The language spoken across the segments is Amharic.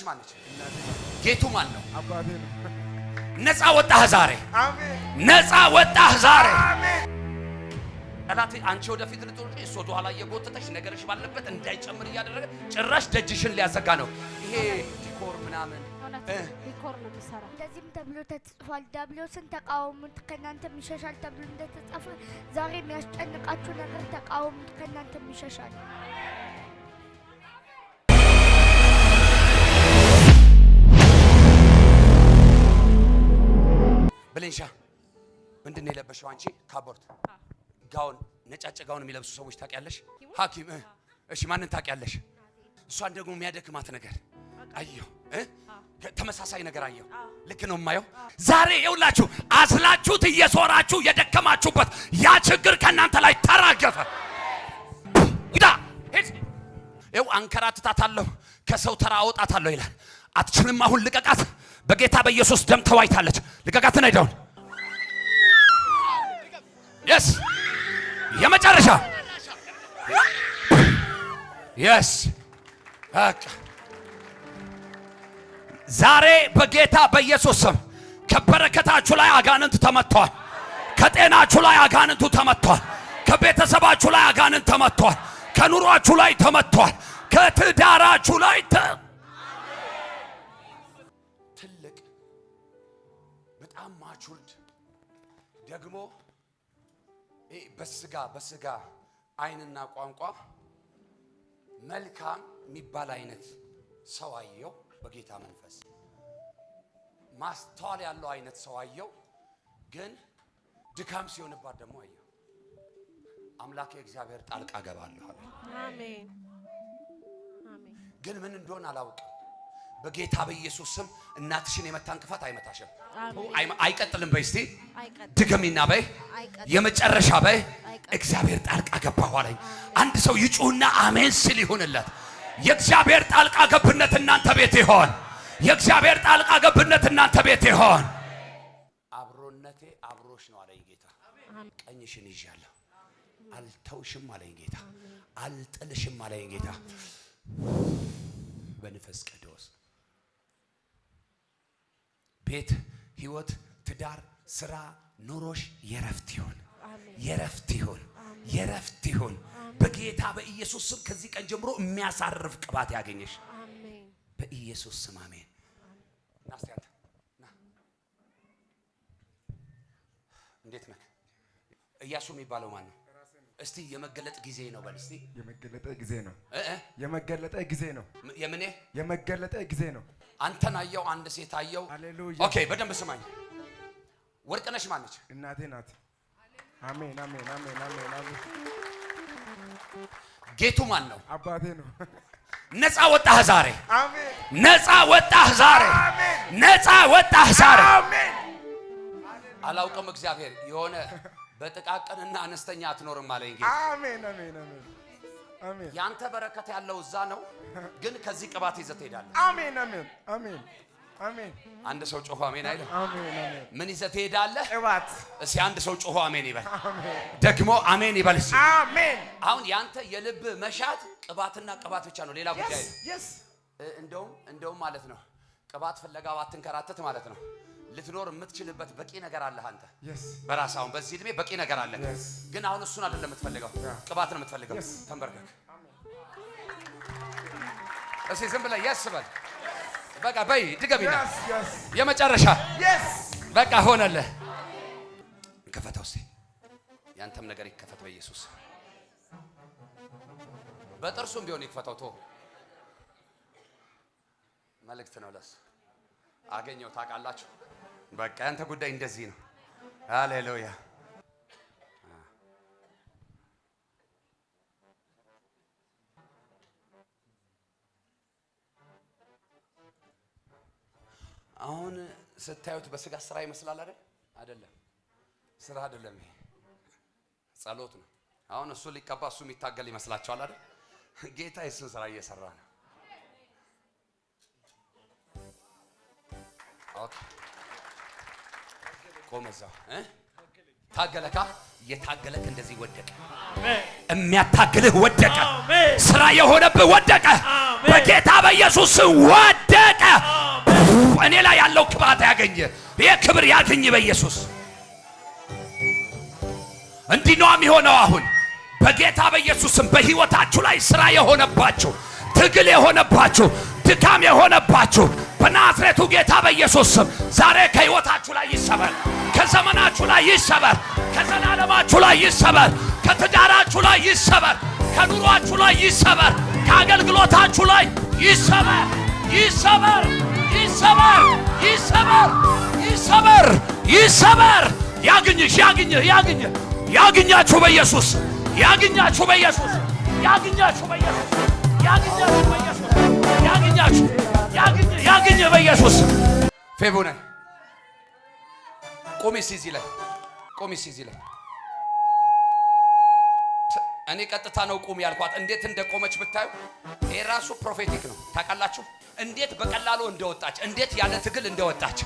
እናትሽ ማነች? ጌቱ ማን ነው? ነፃ ወጣህ ዛሬ፣ ነፃ ወጣህ ዛሬ። ጠላት አንቺ ወደፊት ልትወጪ እሱ ወደኋላ እየጎተተሽ ነገርሽ ባለበት እንዳይጨምር እያደረገ ጭራሽ ደጅሽን ሊያዘጋ ነው። ይሄ ዲኮር ምናምን ዲኮር ነው ተሰራ። እንደዚህም ተብሎ ተጽፏል። ዲያብሎስን ተቃወሙት ከእናንተም ይሸሻል ተብሎ እንደተጻፈ ዛሬ የሚያስጨንቃችሁ ነገር ተቃወሙት ከእናንተም ይሸሻል። መንሻ ምንድን ነው የለበሽው አንቺ? ካቦርት ጋውን፣ ነጫጭ ጋውን የሚለብሱ ሰዎች ታውቂያለሽ? ሀኪም እሺ፣ ማንን ታውቂያለሽ? እሷን ደግሞ የሚያደክማት ነገር አየሁ፣ ተመሳሳይ ነገር አየሁ። ልክ ነው የማየው። ዛሬ የውላችሁ አስላችሁት እየሶራችሁ የደከማችሁበት ያ ችግር ከእናንተ ላይ ተራገፈ። ይው አንከራትታታለሁ፣ ከሰው ተራ አወጣታለሁ ይላል አትችልም። አሁን ልቀቃት። በጌታ በኢየሱስ ደም ተዋይታለች። ልቀቃትን አይደውን የስ የመጨረሻ የስ ዛሬ በጌታ በኢየሱስ ስም ከበረከታችሁ ላይ አጋንንት ተመቷል። ከጤናችሁ ላይ አጋንንቱ ተመቷል። ከቤተሰባችሁ ላይ አጋንንት ተመቷል። ከኑሯችሁ ላይ ተመቷል። ከትዳራችሁ ላይ ተመቷል። ደግሞ በስጋ በስጋ አይንና ቋንቋ መልካም የሚባል አይነት ሰው አየው። በጌታ መንፈስ ማስተዋል ያለው አይነት ሰው አየው። ግን ድካም ሲሆንባት ደግሞ አየው። አምላክ እግዚአብሔር ጣልቃ ገባለሁ አለ። ግን ምን እንደሆነ አላውቅም። በጌታ በኢየሱስ ስም እናትሽን የመታ እንቅፋት አይመታሽም፣ አይቀጥልም። በይ እስቲ ድገሚና በይ የመጨረሻ በይ እግዚአብሔር ጣልቃ ገባሁ አለኝ። አንድ ሰው ይጩህና አሜን ሲል ይሁንለት። የእግዚአብሔር ጣልቃ ገብነት እናንተ ቤት ይሆን። የእግዚአብሔር ጣልቃ ገብነት እናንተ ቤት ይሆን። አብሮነቴ አብሮሽ ነው አለኝ ጌታ። ቀኝሽን ይዣለሁ አልተውሽም አለኝ ጌታ። አልጥልሽም አለኝ ጌታ በንፈስ ቅዱስ ቤት፣ ህይወት፣ ትዳር፣ ስራ፣ ኑሮሽ የረፍት ይሁን፣ የረፍት ይሁን፣ የረፍት ይሁን በጌታ በኢየሱስ ስም። ከዚህ ቀን ጀምሮ የሚያሳርፍ ቅባት ያገኘሽ በኢየሱስ ስም አሜን። እንዴት ነህ? እያሱ የሚባለው ማን ነው? እስቲ የመገለጥ ጊዜ ነው በል። እስቲ የመገለጠ ጊዜ ነው። የመገለጠ ጊዜ ነው። የምን የመገለጠ ጊዜ ነው። አንተን አየው፣ አንድ ሴት አየው። ኦኬ፣ በደንብ ስማኝ። ወርቅነሽ ማነች? እናቴ ናት። አሜን፣ አሜን፣ አሜን፣ አሜን፣ አሜን። ጌቱ ማን ነው? አባቴ ነው። ነፃ ወጣህ ዛሬ፣ አሜን። ነፃ ወጣህ ዛሬ፣ አሜን። ነፃ ወጣህ ዛሬ። አሜን። አላውቅም እግዚአብሔር የሆነ በጥቃቅንና አነስተኛ አትኖርም አለኝ ጌታ። አሜን፣ አሜን፣ አሜን ያንተ በረከት ያለው እዛ ነው፣ ግን ከዚህ ቅባት ይዘህ ትሄዳለህ። አሜን፣ አሜን፣ አሜን፣ አሜን። አንድ ሰው ጮሆ አሜን አይልም? ምን ይዘህ ትሄዳለህ? ቅባት። እስኪ አንድ ሰው ጮሆ አሜን ይበል፣ ደግሞ አሜን ይበል። እስኪ አሜን። አሁን ያንተ የልብ መሻት ቅባትና ቅባት ብቻ ነው፣ ሌላ ጉዳይ። እንደውም እንደውም ማለት ነው ቅባት ፍለጋ ባትንከራተት ማለት ነው ልትኖር የምትችልበት በቂ ነገር አለህ አንተ በራስህ አሁን በዚህ እድሜ በቂ ነገር አለ። ግን አሁን እሱን አይደለም የምትፈልገው፣ ቅባት ነው የምትፈልገው። ተንበርከክ እስኪ ዝም ብለህ የስ በል በቃ በይ ድገሚና የመጨረሻ በቃ ሆነልህ። ክፈተው እስኪ ያንተም ነገር ይከፈት በኢየሱስ በጥርሱም ቢሆን ይክፈተው። ቶ መልእክት ነው ለእሱ አገኘው ታውቃላችሁ። በቃ ያንተ ጉዳይ እንደዚህ ነው። ሃሌሉያ አሁን ስታዩት በስጋ ስራ ይመስላል አይደል? አይደለም፣ ስራ አይደለም። ይሄ ጸሎት ነው። አሁን እሱ ሊቀባ እሱ የሚታገል ይመስላችኋል አይደል? ጌታ የሱን ስራ እየሰራ ነው። ኦኬ ቆመዛ ታገለካ የታገለክ እንደዚህ ወደቀ። የሚያታግልህ ወደቀ። ስራ የሆነብህ ወደቀ። በጌታ በኢየሱስ ወደቀ። እኔ ላይ ያለው ክብራት ያገኘ ይህ ክብር ያገኝ በኢየሱስ የሚሆነው። አሁን በጌታ በኢየሱስም ላይ ስራ የሆነባችሁ ትግል የሆነባችሁ ድካም የሆነባችሁ በናዝሬቱ ጌታ በኢየሱስ ስም ዛሬ ከህይወታችሁ ላይ ይሰበራል። ከዘመናችሁ ላይ ይሰበር፣ ከዘላለማችሁ ላይ ይሰበር፣ ከትዳራችሁ ላይ ይሰበር፣ ከኑሯችሁ ላይ ይሰበር፣ ከአገልግሎታችሁ ላይ ይሰበር፣ ይሰበር፣ ይሰበር፣ ይሰበር፣ ይሰበር፣ ይሰበር። ያግኝሽ፣ ያግኝህ፣ ያግኝህ፣ ያግኛችሁ በኢየሱስ ያግኛችሁ፣ በኢየሱስ ያግኛችሁ፣ በኢየሱስ ያግኛችሁ፣ በኢየሱስ ያግኛችሁ፣ ያግኝ ያግኝ በኢየሱስ ፌቡነ ቆሚ ሲዚ ላይ ቆሚ ሲዚ ላይ እኔ ቀጥታ ነው ቁም ያልኳት። እንዴት እንደቆመች ብታዩ የራሱ ፕሮፌቲክ ነው። ታውቃላችሁ እንዴት በቀላሉ እንደወጣች፣ እንዴት ያለ ትግል እንደወጣች።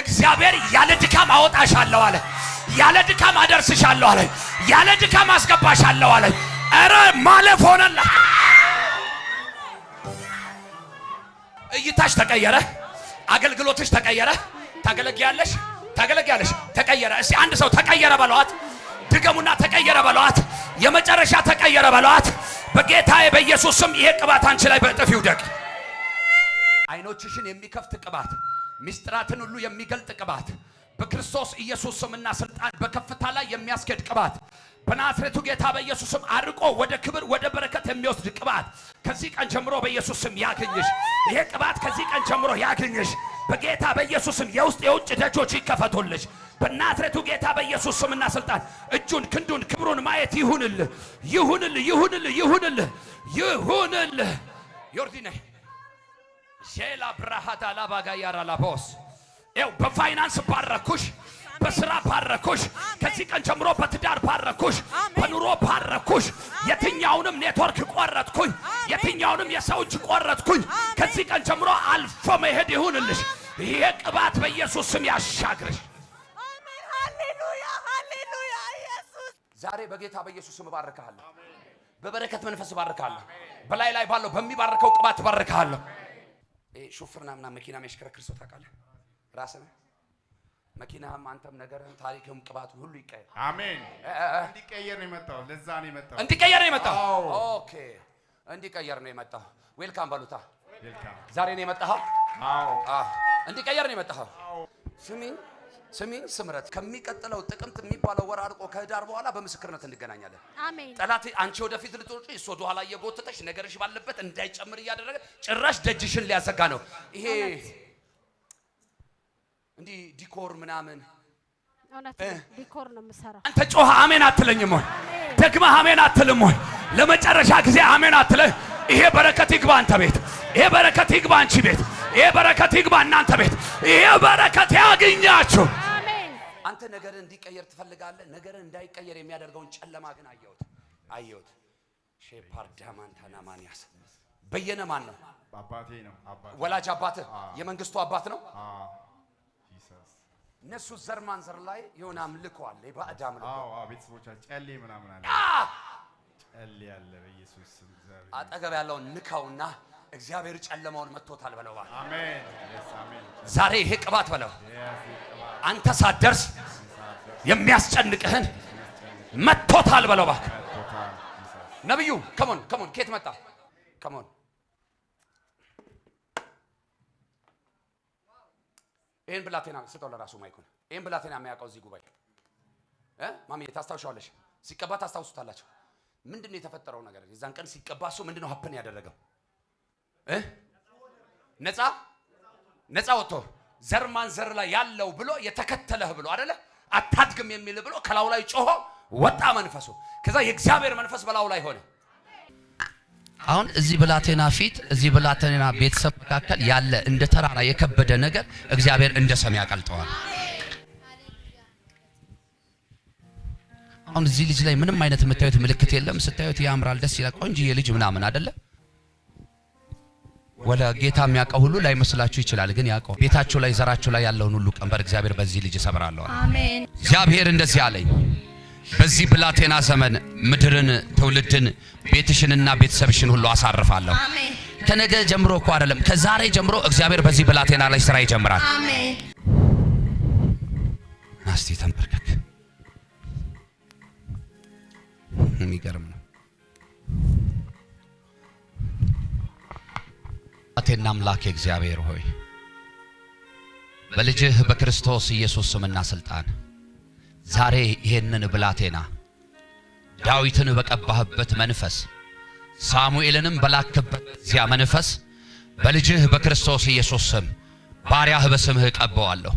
እግዚአብሔር ያለ ድካም አወጣሻለሁ አለ። ያለ ድካም አደርስሻለሁ አለ። ያለ ድካም አስገባሻለሁ አለ። ኧረ ማለፍ ሆነላ። እይታሽ ተቀየረ። አገልግሎትሽ ተቀየረ። ታገለግያለሽ። ታገለግያለሽ። ተቀየረ። እስቲ አንድ ሰው ተቀየረ በለዋት። ድገሙና ተቀየረ በለዋት። የመጨረሻ ተቀየረ በለዋት። በጌታዬ በኢየሱስ ስም ይሄ ቅባት አንቺ ላይ በእጥፍ ይውደቅ። አይኖችሽን የሚከፍት ቅባት፣ ሚስጥራትን ሁሉ የሚገልጥ ቅባት፣ በክርስቶስ ኢየሱስ ስምና ስልጣን በከፍታ ላይ የሚያስኬድ ቅባት በናዝሬቱ ጌታ በኢየሱስ ስም አርቆ ወደ ክብር ወደ በረከት የሚወስድ ቅባት ከዚህ ቀን ጀምሮ በኢየሱስ ስም ያገኝሽ። ይሄ ቅባት ከዚህ ቀን ጀምሮ ያገኝሽ። በጌታ በኢየሱስም የውስጥ የውጭ ደጆች ይከፈቱልሽ። በናዝሬቱ ጌታ በኢየሱስ ስምና ስልጣን እጁን ክንዱን ክብሩን ማየት ይሁንል ይሁንል ይሁንል ይሁንል ይሁንል። ዮርዲነ ሼላ ብራሃታ ላባጋያራ ላፖስ ው በፋይናንስ ባረኩሽ። በስራ ባረኩሽ። ከዚህ ቀን ጀምሮ በትዳር ባረኩሽ፣ በኑሮ ባረኩሽ። የትኛውንም ኔትወርክ ቆረጥኩኝ፣ የትኛውንም የሰው እጅ ቆረጥኩኝ። ከዚህ ቀን ጀምሮ አልፎ መሄድ ይሁንልሽ። ይሄ ቅባት በኢየሱስ ስም ያሻግርሽ። ዛሬ በጌታ በኢየሱስ ስም እባርካለሁ። በበረከት መንፈስ እባርካለሁ። በላይ ላይ ባለው በሚባርከው ቅባት እባርካለሁ። ሹፍርና ምናምን መኪና የሚያሽከረክር ሰው ታውቃለህ ራስህ መኪናህም አንተም ነገርህም ታሪክም ቅባቱ ሁሉ ይቀየር። አሜን። እንዲቀየር ነው የመጣው። ለዛ ነው የመጣው። እንዲቀየር ነው የመጣው። ኦኬ፣ እንዲቀየር ነው የመጣው። ዌልካም በሉታ። ዛሬ ነው የመጣኸው። አዎ፣ እንዲቀየር ነው የመጣኸው። ስሚ ስሚ፣ ስምረት፣ ከሚቀጥለው ጥቅምት የሚባለው ወር አልቆ ከህዳር በኋላ በምስክርነት እንገናኛለን። አሜን። ጠላት አንቺ ወደፊት ልትወጪ እሱ ወደኋላ እየጎተተሽ ነገርሽ ባለበት እንዳይጨምር እያደረገ ጭራሽ ደጅሽን ሊያዘጋ ነው ይሄ እንዲህ ዲኮር ምናምን ዲኮር ነው የምሰራው። አንተ ጮኸ አሜን አትለኝም ወይ? ደግመህ አሜን አትልም ወይ? ለመጨረሻ ጊዜ አሜን አትለኝ። ይሄ በረከት ይግባ አንተ ቤት። ይሄ በረከት ይግባ አንቺ ቤት። ይሄ በረከት ይግባ እናንተ ቤት። ይሄ በረከት ያግኛችሁ። አንተ ነገር እንዲቀየር ትፈልጋለህ። ነገር እንዳይቀየር የሚያደርገውን ጨለማ ግን አየሁት አየሁት። ሼፓርዳማንታና ማንያስ በየነ ማን ነው? ወላጅ አባትህ የመንግስቱ አባት ነው። እነሱ ዘር ማንዘር ላይ የሆነ አምልኮ አለ፣ የባዕድ አምልኮ። አዎ ጨሌ ምናምን አለ፣ ጨሌ አለ። በኢየሱስ አጠገብ ያለውን ንካውና እግዚአብሔር ጨለማውን መጥቶታል በለው። አሜን። ዛሬ ይሄ ቅባት በለው። አንተ ሳትደርስ የሚያስጨንቅህን መጥቶታል በለው። ባክ ነብዩ ከሞን ከሞን፣ ከየት መጣ ከሞን ይህን ብላቴና ስጠው ለራሱ ማይኩን። ይህን ብላቴና የሚያውቀው እዚህ ጉባኤ ማሚ ታስታውሻለሽ። ሲቀባ ታስታውሱታላቸው ምንድን ነው የተፈጠረው ነገር? የዛን ቀን ሲቀባ እሱ ምንድን ነው ሀፕን ያደረገው? ነፃ ነፃ ወጥቶ ዘር ማንዘር ላይ ያለው ብሎ የተከተለህ ብሎ አደለ አታድግም የሚል ብሎ ከላው ላይ ጮሆ ወጣ መንፈሱ። ከዛ የእግዚአብሔር መንፈስ በላው ላይ ሆነ። አሁን እዚህ ብላቴና ፊት እዚህ ብላቴና ቤተሰብ መካከል ያለ እንደ ተራራ የከበደ ነገር እግዚአብሔር እንደ ሰም ያቀልጠዋል። አሁን እዚህ ልጅ ላይ ምንም አይነት የምታዩት ምልክት የለም። ስታዩት ያምራል፣ ደስ ይላል፣ ቆንጆዬ ልጅ ምናምን አይደለም። ወለ ጌታ የሚያውቀው ሁሉ ላይመስላችሁ ይችላል፣ ግን ያውቀው። ቤታችሁ ላይ ዘራችሁ ላይ ያለውን ሁሉ ቀንበር እግዚአብሔር በዚህ ልጅ እሰብራለሁ። አሜን። እግዚአብሔር እንደዚህ አለኝ። በዚህ ብላቴና ዘመን ምድርን፣ ትውልድን፣ ቤትሽንና ቤተሰብሽን ሁሉ አሳርፋለሁ። ከነገ ጀምሮ እኮ አይደለም ከዛሬ ጀምሮ እግዚአብሔር በዚህ ብላቴና ላይ ስራ ይጀምራል። ናስቲ ተንበርከክ። የሚገርም ነው። ብላቴና አምላክ እግዚአብሔር ሆይ በልጅህ በክርስቶስ ኢየሱስ ስምና ስልጣን ዛሬ ይሄንን ብላቴና ዳዊትን በቀባህበት መንፈስ ሳሙኤልንም በላክበት ዚያ መንፈስ በልጅህ በክርስቶስ ኢየሱስ ስም ባሪያህ በስምህ እቀበዋለሁ።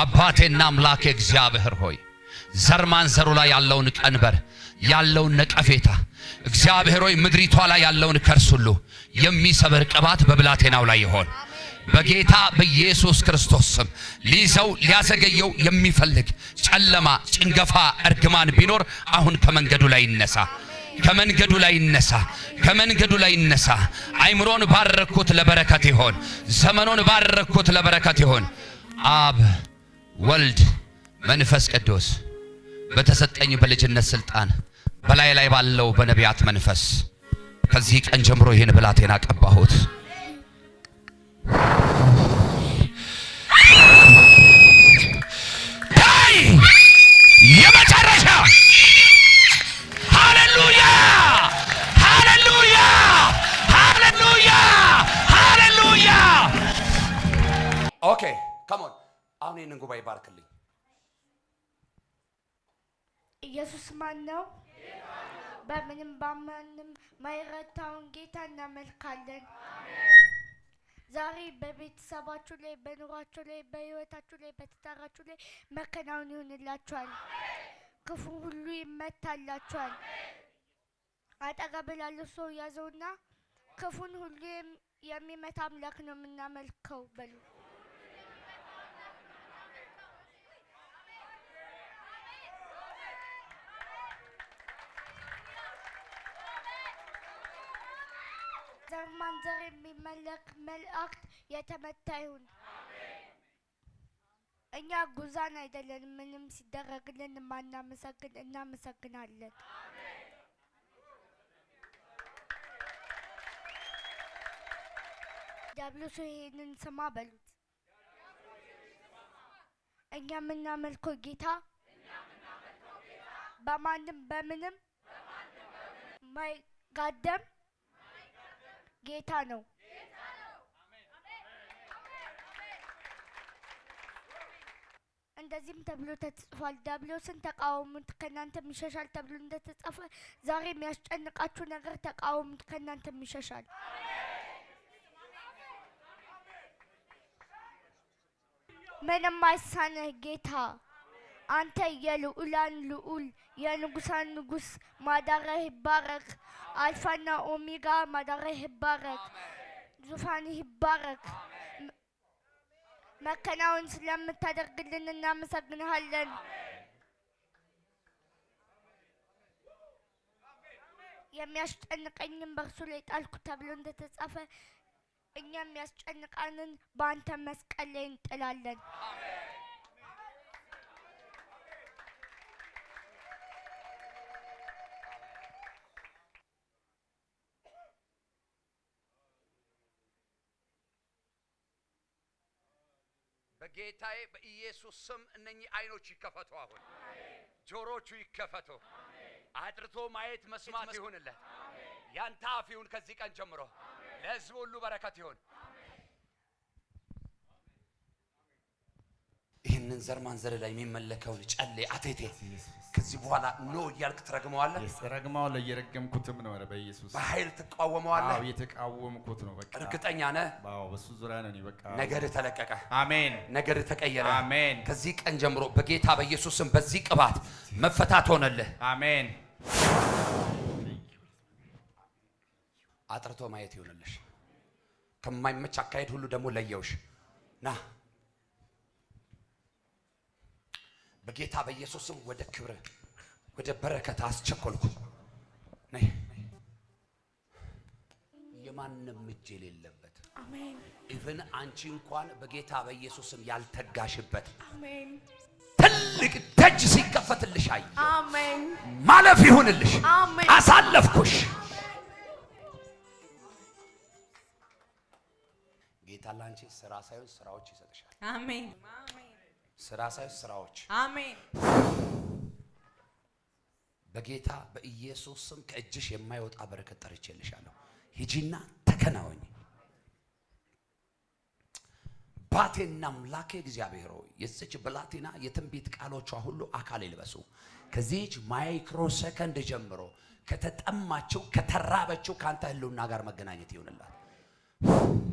አባቴና አምላኬ እግዚአብሔር ሆይ ዘር ማንዘሩ ላይ ያለውን ቀንበር ያለውን ነቀፌታ እግዚአብሔር ሆይ ምድሪቷ ላይ ያለውን ከርስ ሁሉ የሚሰብር ቅባት በብላቴናው ላይ ይሆን። በጌታ በኢየሱስ ክርስቶስ ስም ሊይዘው ሊያዘገየው የሚፈልግ ጨለማ፣ ጭንገፋ፣ እርግማን ቢኖር አሁን ከመንገዱ ላይ ይነሳ ከመንገዱ ላይ ይነሳ። ከመንገዱ ላይ ይነሳ። አይምሮን ባረኩት ለበረከት ይሆን። ዘመኖን ባረኩት ለበረከት ይሆን። አብ ወልድ መንፈስ ቅዱስ በተሰጠኝ በልጅነት ስልጣን በላይ ላይ ባለው በነቢያት መንፈስ ከዚህ ቀን ጀምሮ ይህን ብላቴና ቀባሁት። የመጨረሻ ሃሌሉያ ሃሌሉያ ሃሌሉያ ሃሌሉያ። ኦኬ ከሞን አሁን ይህንን ጉባኤ ባርክልኝ። ኢየሱስ ማን ነው? በምንም ባመንም ማይረታውን ጌታ እናመልካለን። ዛሬ በቤተሰባችሁ ላይ፣ በኑሯችሁ ላይ፣ በህይወታችሁ ላይ፣ በትዳራችሁ ላይ መከናወን ይሆንላችኋል። ክፉ ሁሉ ይመታላችኋል። አጠገብ ላለው ሰው ያዘውና ክፉን ሁሉ የሚመታ አምላክ ነው የምናመልከው በሉ። በዘር ማንዘር የሚመለክ መልእክት የተመታ ይሁን። እኛ ጉዛን አይደለን። ምንም ሲደረግልን ማናመሰግን እናመሰግናለን። ዲያብሎስ ይሄንን ስማ በሉት። እኛ የምናመልከው ጌታ በማንም በምንም ማይጋደም ጌታ ነው። እንደዚህም ተብሎ ተጽፏል፣ ዲያብሎስን ተቃወሙት ከእናንተም ይሸሻል ተብሎ እንደተጻፈ ዛሬ የሚያስጨንቃችሁ ነገር ተቃወሙት ከእናንተም ይሸሻል። ምንም አይሳነህ ጌታ አንተ የልዑላን ልዑል የንጉሳን ንጉስ ማዳረህ ይባረክ። አልፋና ኦሜጋ ማዳረህ ይባረክ። ዙፋንህ ይባረክ። መከናወን ስለምታደርግልን እናመሰግንሃለን። የሚያስጨንቀኝም በእርሱ ላይ ጣልኩ ተብሎ እንደተጻፈ እኛ የሚያስጨንቃንን በአንተ መስቀል ላይ እንጥላለን። በጌታዬ በኢየሱስ ስም እነኚህ አይኖች ይከፈቱ፣ አሁን ጆሮቹ ይከፈቱ። አጥርቶ ማየት መስማት ይሁንለት። ያንተ አፍ ይሁን። ከዚህ ቀን ጀምሮ ለሕዝቡ ሁሉ በረከት ይሁን። ይህንን ዘር ማንዘር ላይ የሚመለከውን ጨሌ አቴቴ ከዚህ በኋላ ኖ እያልክ ትረግመዋለህ። ረግመዋለሁ። እየረገምኩትም ነው። በኢየሱስ በኃይል ትቃወመዋለህ። የተቃወምኩት ነው። በቃ እርግጠኛ ነህ። በሱ ዙሪያ ነው። በቃ ነገር ተለቀቀ። አሜን። ነገር ተቀየረ። አሜን። ከዚህ ቀን ጀምሮ በጌታ በኢየሱስም በዚህ ቅባት መፈታት ሆነልህ። አሜን። አጥርቶ ማየት ይሆንልሽ። ከማይመች አካሄድ ሁሉ ደግሞ ለየውሽ ና በጌታ በኢየሱስም ወደ ክብር ወደ በረከት አስቸኮልኩ። ነይ የማንም እጅ የሌለበት አሜን። ኢቭን አንቺ እንኳን በጌታ በኢየሱስም ያልተጋሽበት አሜን። ትልቅ ደጅ ሲከፈትልሽ አይ አሜን። ማለፍ ይሁንልሽ። አሜን። አሳለፍኩሽ። ጌታ ላንቺ ስራ ሳይሆን ስራዎች ይሰጥሻል። አሜን። ስራ ሳይሆን ስራዎች። አሜን። በጌታ በኢየሱስ ስም ከእጅሽ የማይወጣ በረከት ጠርቼልሻለሁ። ሂጂና ተከናወኝ። ባቴና አምላኬ እግዚአብሔር ሆይ የዚች ብላቴና የትንቢት ቃሎቿ ሁሉ አካል ይልበሱ። ከዚህች ማይክሮ ሰከንድ ጀምሮ ከተጠማችው ከተራበችው ከአንተ ህልውና ጋር መገናኘት ይሆንላት።